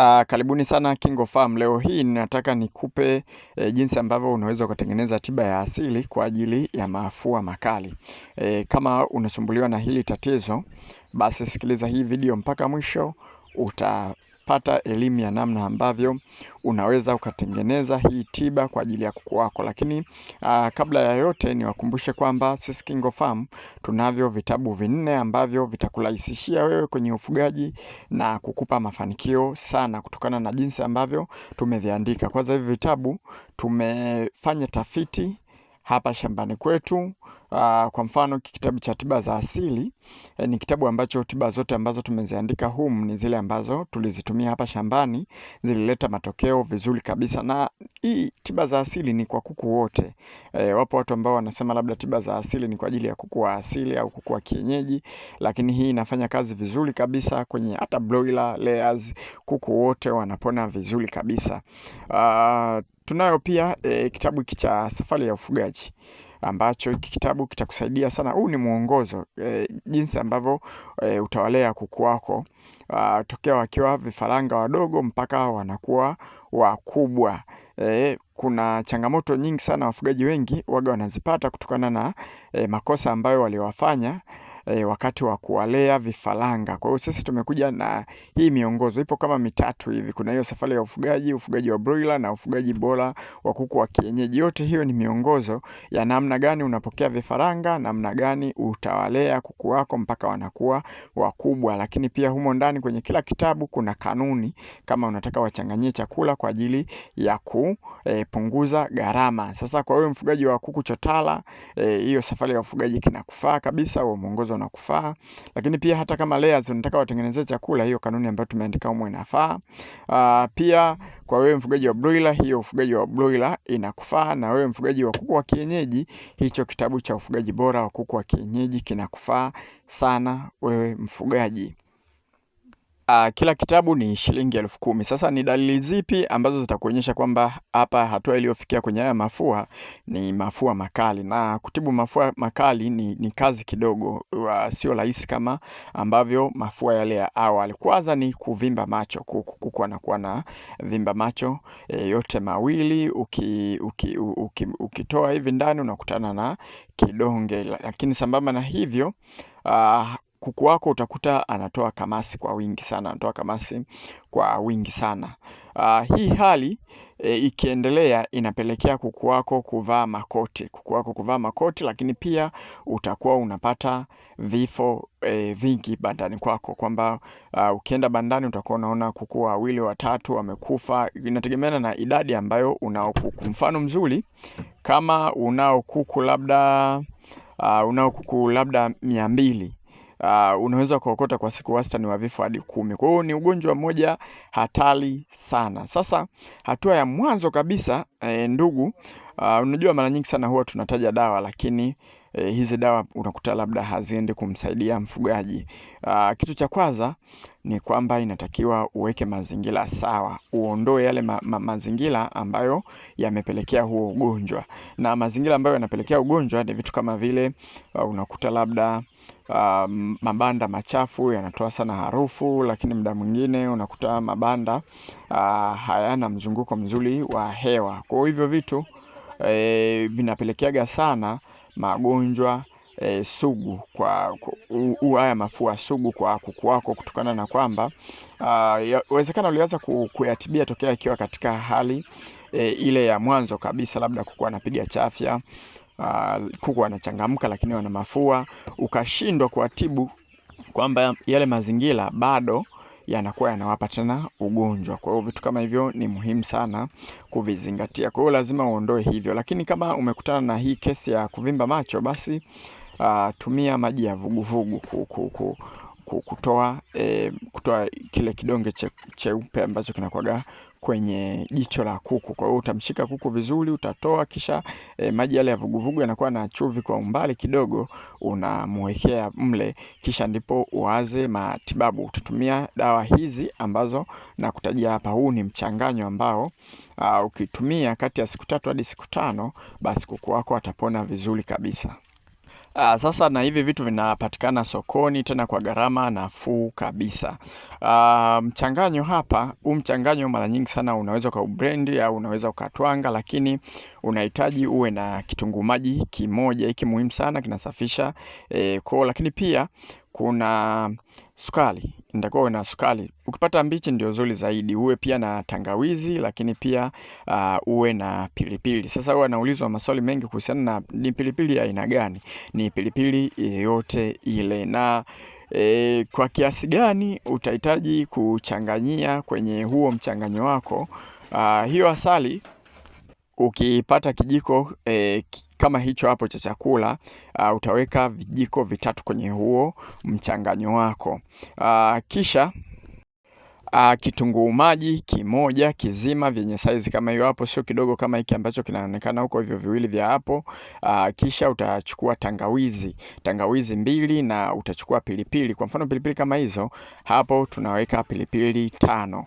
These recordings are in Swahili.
Uh, karibuni sana KingoFarm. Leo hii ninataka nikupe e, jinsi ambavyo unaweza ukatengeneza tiba ya asili kwa ajili ya mafua makali. E, kama unasumbuliwa na hili tatizo, basi sikiliza hii video mpaka mwisho uta utapata elimu ya namna ambavyo unaweza ukatengeneza hii tiba kwa ajili ya kuku wako. Lakini aa, kabla ya yote niwakumbushe kwamba sisi KingoFarm tunavyo vitabu vinne ambavyo vitakurahisishia wewe kwenye ufugaji na kukupa mafanikio sana kutokana na jinsi ambavyo tumeviandika. Kwanza hivi vitabu tumefanya tafiti hapa shambani kwetu Uh, kwa mfano kitabu cha tiba za asili eh, ni kitabu ambacho tiba zote ambazo tumeziandika humu ni zile ambazo tulizitumia hapa shambani, zilileta matokeo vizuri kabisa. Na hii tiba za asili ni kwa kuku wote. Eh, wapo watu ambao wanasema labda tiba za asili ni kwa ajili ya kuku wa asili au kuku wa kienyeji, lakini hii inafanya kazi vizuri kabisa kwenye hata broiler layers, kuku wote wanapona vizuri kabisa. Uh, tunayo pia eh, kitabu cha safari ya ufugaji ambacho hiki kitabu kitakusaidia sana. Huu ni mwongozo e, jinsi ambavyo e, utawalea kuku wako tokea wakiwa vifaranga wadogo mpaka wanakuwa wakubwa. E, kuna changamoto nyingi sana wafugaji wengi waga wanazipata kutokana na e, makosa ambayo waliwafanya e, wakati wa kuwalea vifaranga. Kwa hiyo sisi tumekuja na hii miongozo, ipo kama mitatu hivi. Kuna hiyo safari ya ufugaji, ufugaji wa broiler na ufugaji bora wa kuku wa kienyeji. Yote hiyo ni miongozo ya namna gani unapokea vifaranga, namna gani utawalea kuku wako mpaka wanakuwa wakubwa. Lakini pia humo ndani kwenye kila kitabu kuna kanuni, kama unataka wachanganyie chakula kwa ajili ya kupunguza eh, e, gharama. Sasa kwa wewe mfugaji wa kuku chotala, eh, hiyo e, safari ya ufugaji kinakufaa kabisa, huo mwongozo wanakufaa. Lakini pia hata kama layers unataka watengenezee chakula, hiyo kanuni ambayo tumeandika humo inafaa. Uh, pia kwa wewe mfugaji wa broiler, hiyo ufugaji wa broiler inakufaa, na wewe mfugaji wa kuku wa kienyeji, hicho kitabu cha ufugaji bora wa kuku wa kienyeji kinakufaa sana wewe mfugaji. Uh, kila kitabu ni shilingi elfu kumi. Sasa ni dalili zipi ambazo zitakuonyesha kwamba hapa hatua iliyofikia kwenye haya mafua ni mafua makali? Na kutibu mafua makali ni, ni kazi kidogo, uh, sio rahisi kama ambavyo mafua yale ya awali. Kwanza ni kuvimba macho, kukua na kuwa na vimba macho e, yote mawili uki, uki, uki, ukitoa hivi ndani unakutana na kidonge, lakini sambamba na hivyo uh, kuku wako utakuta anatoa kamasi kwa wingi sana, anatoa kamasi kwa wingi sana. Uh, hii hali e, ikiendelea inapelekea kuku wako kuvaa makoti, kuku wako kuvaa makoti, lakini pia utakuwa unapata vifo e, vingi bandani kwako, kwamba uh, ukienda bandani utakuwa unaona kuku wawili watatu wamekufa. Inategemeana na idadi ambayo unao kuku. Mfano mzuri kama unao kuku labda uh, unao kuku labda mia mbili uh, unaweza kuokota kwa siku wastani wa vifo hadi kumi. Kwa hiyo ni ugonjwa mmoja hatari sana. Sasa hatua ya mwanzo kabisa e, ndugu uh, unajua mara nyingi sana huwa tunataja dawa lakini e, hizi dawa unakuta labda haziende kumsaidia mfugaji. Uh, kitu cha kwanza ni kwamba inatakiwa uweke mazingira sawa, uondoe yale ma ma mazingira ambayo yamepelekea huo ugonjwa, na mazingira ambayo yanapelekea ugonjwa ni vitu kama vile uh, unakuta labda uh, mabanda machafu yanatoa sana harufu, lakini muda mwingine unakuta mabanda uh, hayana mzunguko mzuri wa hewa. Kwa hivyo vitu eh, vinapelekeaga sana magonjwa E, sugu kwa haya mafua sugu kwa kuku wako, kutokana na kwamba uwezekana uh, kuyatibia tokea ikiwa katika hali e, ile ya mwanzo kabisa, labda kuku anapiga chafya uh, kuku wanachangamka lakini wana mafua, ukashindwa kuwatibu kwamba yale mazingira bado yanakuwa yanawapa tena ugonjwa. Kwa hiyo vitu kama hivyo ni muhimu sana kuvizingatia. Kwa hiyo lazima uondoe hivyo, lakini kama umekutana na hii kesi ya kuvimba macho, basi uh, tumia maji ya vuguvugu ku, ku, ku kutoa, e, kutoa kile kidonge cheupe che ambacho kinakwaga kwenye jicho la kuku. Kwa hiyo utamshika kuku vizuri, utatoa kisha e, maji yale ya vuguvugu yanakuwa na chumvi kwa umbali kidogo, unamwekea mle, kisha ndipo uanze matibabu. Utatumia dawa hizi ambazo nakutajia hapa. Huu ni mchanganyo ambao uh, ukitumia kati ya siku tatu hadi siku tano, basi kuku wako atapona vizuri kabisa. Aa, ah, sasa na hivi vitu vinapatikana sokoni tena kwa gharama nafuu kabisa. Aa, ah, mchanganyo hapa, huu mchanganyo mara nyingi sana unaweza ukaubrendi au unaweza ukatwanga, lakini unahitaji uwe na kitunguu maji kimoja. Hiki muhimu sana kinasafisha e, koo, lakini pia kuna sukari, ndakuwa na sukari. Ukipata mbichi ndio nzuri zaidi, uwe pia na tangawizi, lakini pia uh, uwe na pilipili. Sasa huwa naulizwa maswali mengi kuhusiana na ni pilipili ya aina gani, ni pilipili yoyote ile na E, kwa kiasi gani utahitaji kuchanganyia kwenye huo mchanganyo wako. Uh, hiyo asali Ukipata kijiko e, kama hicho hapo cha chakula uh, utaweka vijiko vitatu kwenye huo mchanganyo wako uh, kisha Uh, kitunguu maji kimoja kizima vyenye saizi kama hiyo hapo, sio kidogo kama hiki ambacho kinaonekana huko, hivyo viwili vya hapo. Uh, kisha utachukua tangawizi, tangawizi mbili, na utachukua pilipili. Kwa mfano pilipili kama hizo hapo, tunaweka pilipili tano.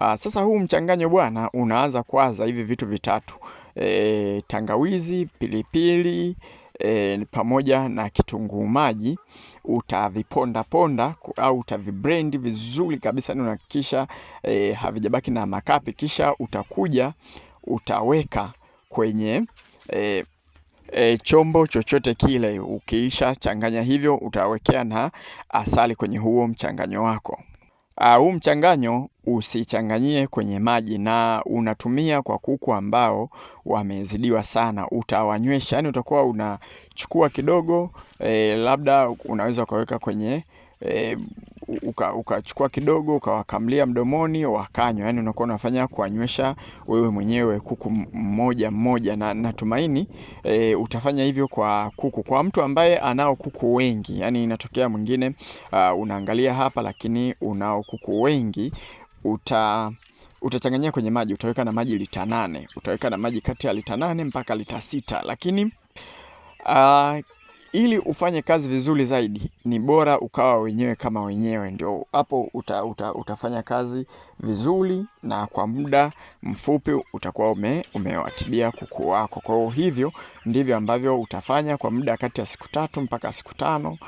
Uh, sasa huu mchanganyo bwana, unaanza kwaza hivi vitu vitatu e, tangawizi, pilipili e, pamoja na kitunguu maji utaviponda ponda au utavibrendi vizuri kabisa, ni unahakikisha e, havijabaki na makapi, kisha utakuja utaweka kwenye e, E, chombo chochote kile. Ukiisha changanya hivyo, utawekea na asali kwenye huo mchanganyo wako. Ah, huu mchanganyo usichanganyie kwenye maji, na unatumia kwa kuku ambao wamezidiwa sana, utawanywesha. Yani utakuwa unachukua kidogo e, labda unaweza ukaweka kwenye e, ukachukua uka kidogo ukawakamlia mdomoni wakanywa. Yani unakuwa unafanya kuwanywesha wewe mwenyewe kuku mmoja mmoja, na natumaini e, utafanya hivyo kwa kuku. Kwa mtu ambaye anao kuku wengi, yani inatokea mwingine, uh, unaangalia hapa, lakini unao kuku wengi uta utachanganyia kwenye maji, utaweka na maji lita nane, utaweka na maji kati ya lita nane mpaka lita sita, lakini uh, ili ufanye kazi vizuri zaidi ni bora ukawa wenyewe kama wenyewe, ndio hapo uta, uta, utafanya kazi vizuri na kwa muda mfupi utakuwa ume, umewatibia kuku wako. Kwa hivyo ndivyo ambavyo utafanya kwa muda kati ya siku tatu mpaka siku tano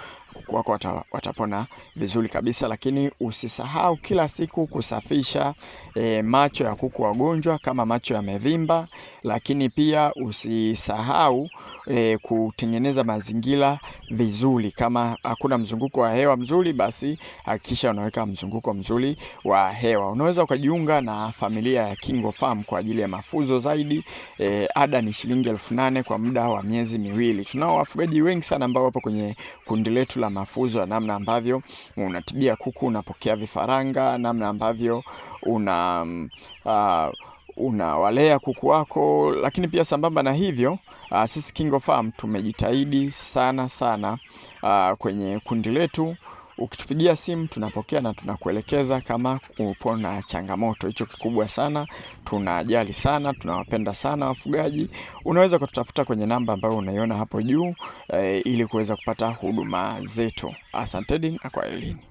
kuku wako watapona vizuri kabisa, lakini usisahau kila siku kusafisha e, macho ya kuku wagonjwa kama macho yamevimba, lakini pia usisahau e, kutengeneza mazingira vizuri. Kama hakuna mzunguko wa hewa mzuri, basi hakikisha unaweka mzunguko mzuri wa hewa. Unaweza ukajiunga na familia ya Kingo Farm kwa ajili ya mafuzo zaidi. E, ada ni shilingi elfu nane kwa muda wa miezi miwili. Tunao wafugaji wengi sana ambao wapo kwenye kundi letu la mafuzo mafunzo ya namna ambavyo unatibia kuku, unapokea vifaranga, namna ambavyo una uh, unawalea kuku wako. Lakini pia sambamba na hivyo uh, sisi KingoFarm tumejitahidi sana sana uh, kwenye kundi letu Ukitupigia simu tunapokea na tunakuelekeza kama upo na changamoto. Hicho kikubwa sana, tunajali sana, tunawapenda sana wafugaji. Unaweza kututafuta kwenye namba ambayo unaiona hapo juu, e, ili kuweza kupata huduma zetu. Asanteni na kwaherini.